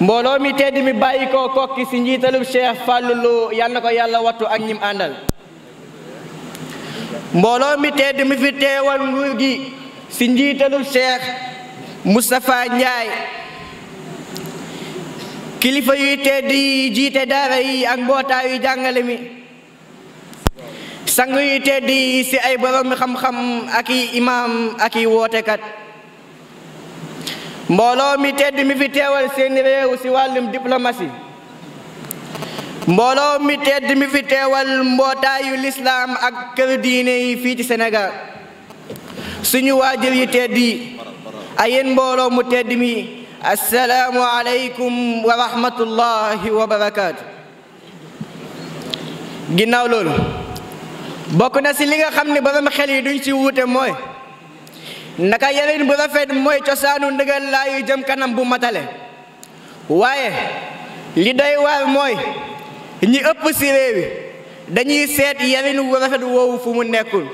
mbooloo mi tedd mi bàyyi koo kokki si njiitalub Cheikh Fallou Lo yal ko yàlla wattu ak ñim àndal mbooloo mi tedd mi fi teewal nguur gi si njiitalub Cheikh Moustapha Ndiaye kilifa yuy tedd yi jiite daara yi ak mbootaayu jàngale mi sang yuy tedd yi si ay borom mi xam-xam ak i imaam ak i wootekat mbooloo mi tedd mi fi teewal seeni réew ci wàllum diplomatie mbooloo mi tedd mi fi teewal mbootaayu lislaam ak kër diine yi fii ci Sénégal suñu waajur yi tedd yi a mbooloo mu tedd mi asalaamu aleykum wa rahmatullahi wa barakaatu ginnaaw loolu bokk na ci li nga xam ne borom xel yi duñ ci wuute mooy naka yarin bu rafet mooy cosaanu ndëgal laayu jëm kanam bu matale waaye li doy mooy ñi ëpp ci réew dañuy seet yarin wu rafet woowu fu mu nekkul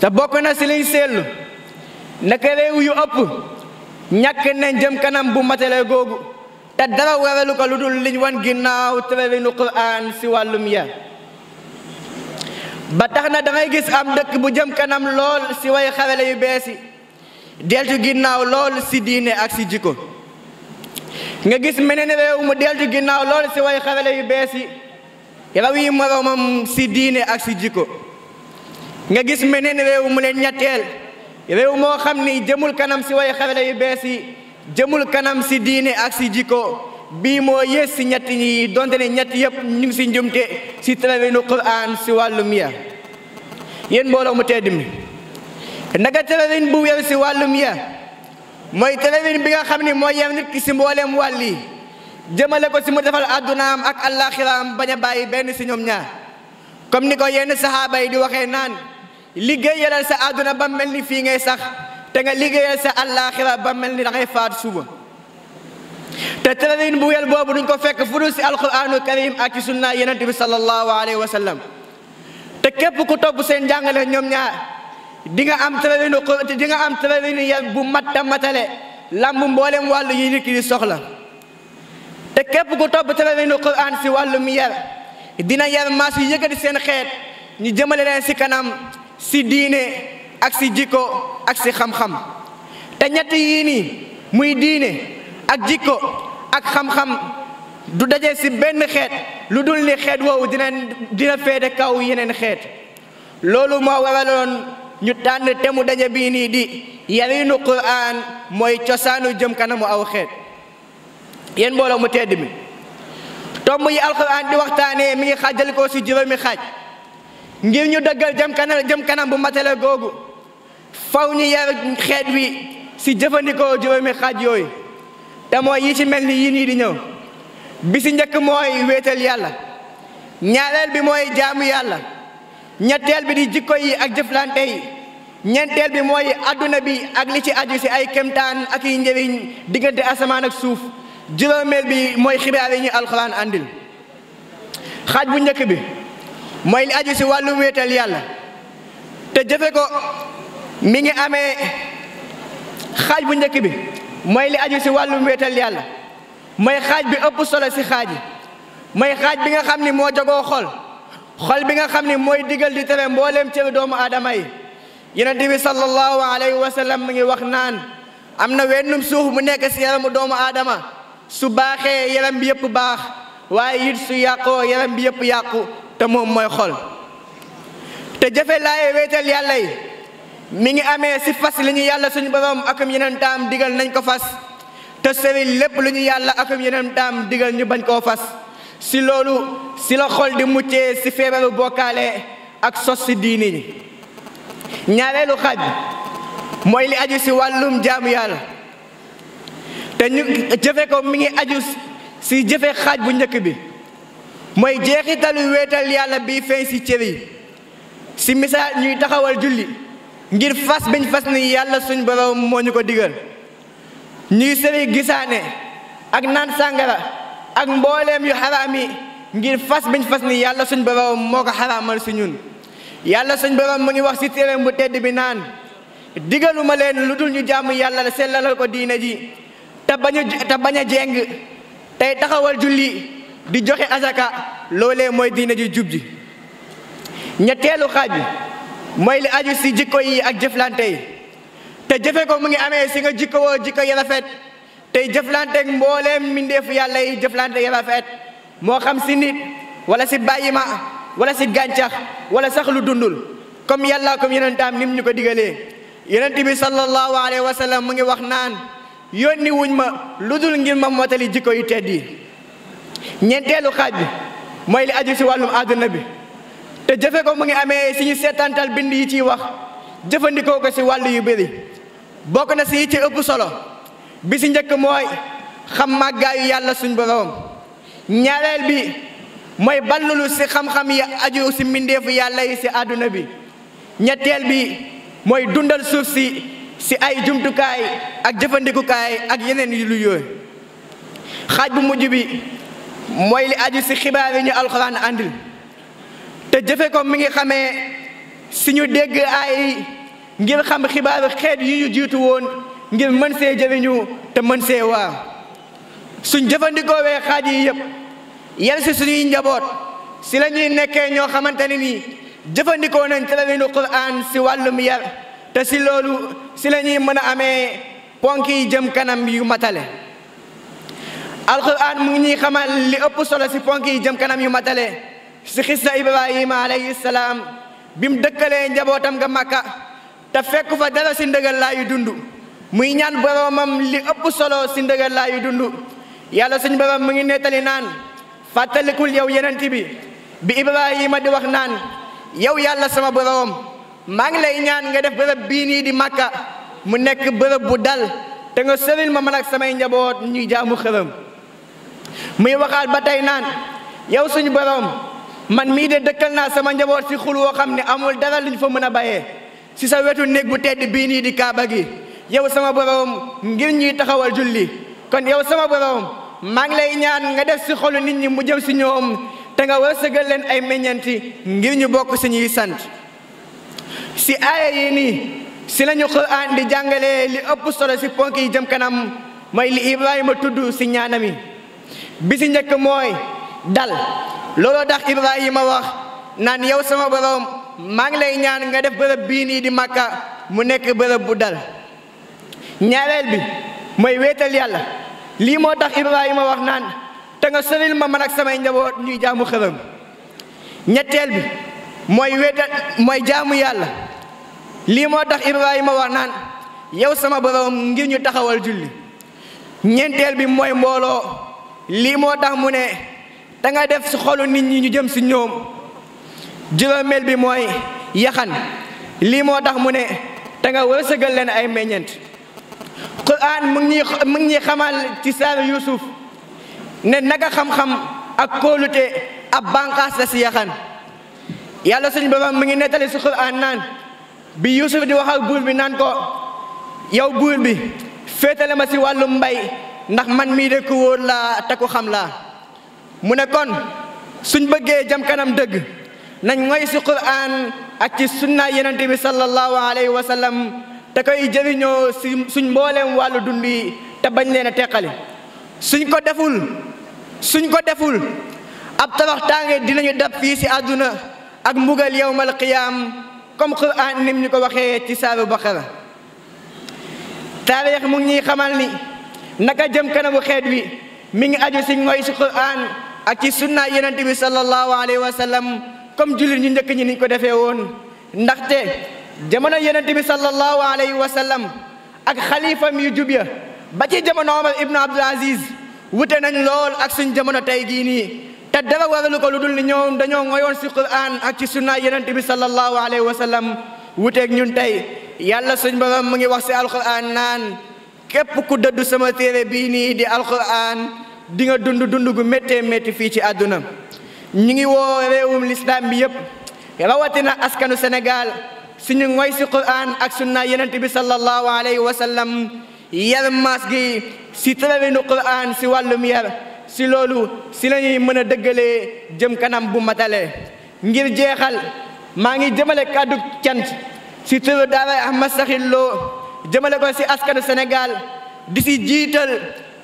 te bokk na ci liñ seetlu naka réew yu ëpp ñàkk nañ jëm kanam bu matale googu te dara waralu ko lu dul liñ wan ginnaaw tëralinu Qur'an si wàllum ya ba tax na da gis am dëkk bu jëm kanam lool si way xarale yu bees yi deltu ginnaaw lool si diine ak si jikko nga gis meneen réew mu deltu ginnaaw lool si way xarale yu bees yi raw yi moroomam si diine ak si jikko nga gis meneen réew mu leen ñetteel réew moo xam ni jëmul kanam si way xarale yu bees yi jëmul kanam si diine ak si jikko bii moo yées si ñett ñi donte ne ñett yëpp ñu ngi si njumte si tëralinu Qur'an si wàllum ya yéen mbooloo mu tedd mi naka tëralin bu wér si wàllum ya mooy tëralin bi nga xam ne mooy yem nit ki si mbooleem wàll yi jëmale ko si mu defal addunaam ak àllaaxiraam bañ a bàyyi benn si ñoom ñaar comme ni ko yenn saxaaba yi di waxee naan liggéeyalal sa adduna ba mel ni fii ngay sax te nga liggéeyal sa àllaaxira ba mel ni dangay faat suba te tëralin bu wel boobu duñ ko fekk fu dul si alquraanu karim ak ci sunna yonent bi sallallahu alayhi wa sallam te képp ku topp seen jàngale ñoom ñaar di nga am tëralinu di nga am tëralinu bu matta matale lamb mboolem wàllu yi nit soxla te képp ku topp tëralinu quran si wàllu mi yar dina yar maas yu yëkkati seen xeet ñi jëmale leen si kanam si diine ak si jikko ak si xam-xam te ñett yii muy diine ak jikko ak xam-xam du daje si benn xeet lu dul ni xeet woowu dina dina kaw yeneen xeet loolu moo waraloon ñu tànn temu daje bii nii di yarinu Qur'an mooy cosaanu jëm kanamu aw xeet yéen mbooloo mu tedd mi tomb yi alquran di waxtaanee mi ngi ko si juróomi xaaj ngir ñu dëggal jëm kanam jëm kanam bu matale googu faw ñu yar xeet wi si jëfandikoo juróomi xaaj yooyu te mooy yi ci mel ni yii nii di ñëw bi ci njëkk mooy wéetal yàlla ñaareel bi mooy jaamu yàlla ñetteel bi di jikko yi ak jëflante ñeenteel bi mooy adduna bi ak li ci aju ci ay kemtaan ak i njëriñ diggante asamaan ak suuf juróomeel bi mooy xibaar yi ñu alxuraan andil xaaj bu njëkk bi mooy li aju si wàllu wéetal yàlla te jëfe ko mi ngi amee xaaj bu njëkk bi mooy li aju si wàllum wéetal yàlla mooy xaaj bi ëpp solo ci xaaj yi mooy xaaj bi nga xam ni moo jagoo xol xol bi nga xam ni mooy digal di tere mbooleem cëri doomu aadama yi yonent diwi sallallahu alayhi wa sallam mu ngi wax naan am na wennum suuf mu nekk si yaramu doomu aadama su baaxee yaram bi yëpp baax waaye it su yàqoo yaram bi yëpp yàqu te moom mooy xol te jëfe laaye wéetal yàlla yi mi ngi amee si fas li ñu yàlla suñu borom akum yeneen taam digal nañ ko fas te sori lépp lu ñu yàlla akum yeneen taam digal ñu bañ koo fas si loolu si la xol di muccee si feebaru bokkaale ak sos si diini ñi ñaareelu xaaj mooy li aju si wàllum jaamu yàlla te ñu jëfe ko mi ngi aju si jëfe xaaj bu njëkk bi mooy jeexitalu wéetal yàlla bi feeñ si cër yi si misaal ñuy taxawal julli ngir fas biñ fas ni yàlla suñ borom moo ñu ko digal ñuy sëri gisaane ak naan sàngara ak mbooleem yu xaraam yi ngir fas biñ fas ni yàlla suñ borom moo ko xaraamal si ñun yàlla suñ borom mu ngi wax si téeréem bu tedd bi naan digaluma leen lu dul ñu jàmm yàlla la sellalal ko diine ji te bañ a jeng tey taxawal julli di joxe azaka loole mooy diine ji jub ji ñetteelu xaaj bi mooy li aju si jikko yi ak jëflante te jëfe ko mu ngi amee si nga jikkowoo jikko yi rafet tey jëflanteek mbooleem mbindeefu yàlla yi jëflante yi rafet moo xam si nit wala si bàyyima wala si gàncax wala sax lu dundul comme yàlla comme yonentaam nim ñu ko digalee yonent bi sallallahu alayhi wa sallam mu ngi wax naan yónni wuñ ma lu dul ngir ma mottali jikko yu tedd yi ñeenteelu xaaj bi mooy li aju si wàllum àdduna bi te jëfe ko mu ngi amee si ñu seetantal bind yi ciy wax jëfandikoo ko si wàll yu bëri bokk na si ci ëpp solo bi ci njëkk mooy xam màggaayu yàlla suñ boroom ñaareel bi mooy ballulu si xam-xam yi aju si mbindeefu yàlla yi si àdduna bi ñetteel bi mooy dundal suuf si si ay jumtukaay ak jëfandikukaay ak yeneen yu lu yooyu xaaj bu mujj bi mooy li aju si xibaar yi ñu alxuraan àndil te jëfe ko mi ngi xamee suñu dégg ay ngir xam xibaaru xeet yi ñu jiitu woon ngir mën see jëriñu te mën see waa suñ jëfandikoowee xaaj yi yëpp yar si suñuy njaboot si la ñuy nekkee ñoo xamante ne nii jëfandikoo nañ tëralinu Qur'an si wàllum yar te si loolu si lañuy mën a amee ponk yi jëm kanam yu matale alquran mu ngi ñuy xamal li ëpp solo si ponk yi jëm kanam yu matale si xissa ibrahima alayhi salaam bi mu dëkkalee njabootam ga màkka te fekk fa dara si ndëgal laa yu dund muy ñaan boroomam li ëpp solo si ndëgal laa dund yàlla suñ boroom mu ngi nettali naan fàttalikul yow yenent bi bi ibrahima di wax naan yow yàlla sama boroom maa ngi lay ñaan nga def bërëb bii nii di màkka mu nekk bërëb bu dal te nga sëril ma man ak samay njaboot ñuy jaamu xërëm muy waxaat ba tey naan yow suñu boroom man mii de dëkkal naa sama njaboot si xul woo xam ne amul dara lu ñu fa mën a bayee si sa wetu néeg bu tedd bii nii di kaaba gi yow sama borom ngir ñuy taxawal julli kon yow sama borom maa ngi lay ñaan nga def si xolu nit ñi mu jëm si ñoom te nga wërsëgal leen ay meññanti ngir ñu bokk si ñuy sant si aaya yi nii si lañu Qur'an di jàngalee li ëpp solo si ponk yi jëm kanam mooy li Ibrahima tudd si ñaanami bi si njëkk mooy dal looloo tax Ibrahima wax naan yow sama borom maa ngi lay ñaan nga def bërëb bii nii di Makka mu nekk bërëb bu dal ñaareel bi mooy wéetal yàlla lii moo tax Ibrahima wax naan te nga sëril ma man ak samay njaboot ñuy jaamu xërëm ñetteel bi mooy wéetal mooy jaamu yàlla lii moo tax Ibrahima wax naan yow sama borom ngir ñu taxawal julli ñeenteel bi mooy mbooloo lii moo tax mu ne da def si xolu nit ñi ñu jëm si ñoom juróomeel bi mooy yaxan lii moo tax mu ne te nga wërsëgal leen ay meññeent quran mu ngi mu xamal ci saar yusuf ne naka xam-xam ak kóolute ab bànqaas la si yaxan yàlla suñu borom mu ngi nettali si quran naan bi yusuf di wax ak buur bi naan ko yow buur bi féetale ma si wàllu mbay ndax man mii de ku wóor laa te xam laa mu ne kon suñ bëggee jëm kanam dëgg nañ ngoy si quran ak ci sunna yenente bi sallallahu alayhi wa sallam te koy jëriñoo si suñ mbooleem wàllu dund yi te bañ leen a teqale suñ ko deful suñ ko deful ab tabax tànge dinañu dab fii si àdduna ak mbugal yawmal qiyaam comme quran nim ñu ko waxee ci saaru baqara taarix mu ngi ñuy xamal ni naka jëm kanamu xeet wi mi ngi aju si ngoy si quran ak ci sunna yonent bi sallallahu alayhi wa sallam comme jullit ñu njëkk ñi niñ ko defee woon ndaxte jamono yonent bi sallallahu alayhi wa sallam ak xalifam yu jub ba ci jamono Omar ibnu Abdul Aziz wute nañ lool ak suñ jamono tey gii nii te dara waralu ko lu dul ni ñoom dañoo ngoyoon si Qur'an ak ci sunna yonent bi sallallahu alayhi wa sallam ñun tey yàlla suñ borom mu ngi wax si alquran naan képp ku dëddu sama téere bii nii di alquran dinga dund dund gu méttee métti fii ci àdduna ñu ngi woo réewum lislaam bi yépp rawatina askanu Sénégal suñu ngoy si Qur'an ak sunna yenent bi sallallahu alayhi wa sallam yar maas si tëralinu Qur'an si wàllum yar si loolu si lañuy mën a dëggalee jëm kanam bu matale ngir jeexal maa ngi jëmale kàddu cant si turu daara Ahmad Sakhir Lo jëmale ko si askanu senegaal di si jiital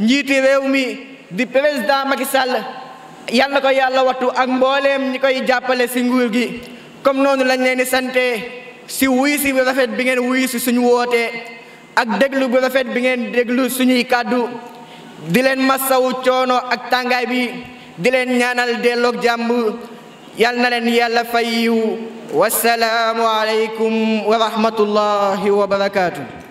njiiti réew mi di président Macky Sall yal na ko yàlla wattu ak mbooleem ñi koy jàppale si nguur gi comme noonu lañ leen di sante si wuy si bu rafet bi ngeen wuy si suñu wootee ak déglu bu rafet bi ngeen déglu suñuy kàddu di leen masawu coono ak tàngaay bi di leen ñaanal delloog jàmm yal na leen yàlla fay yiw wasalaamu aleykum wa wa barakaatu.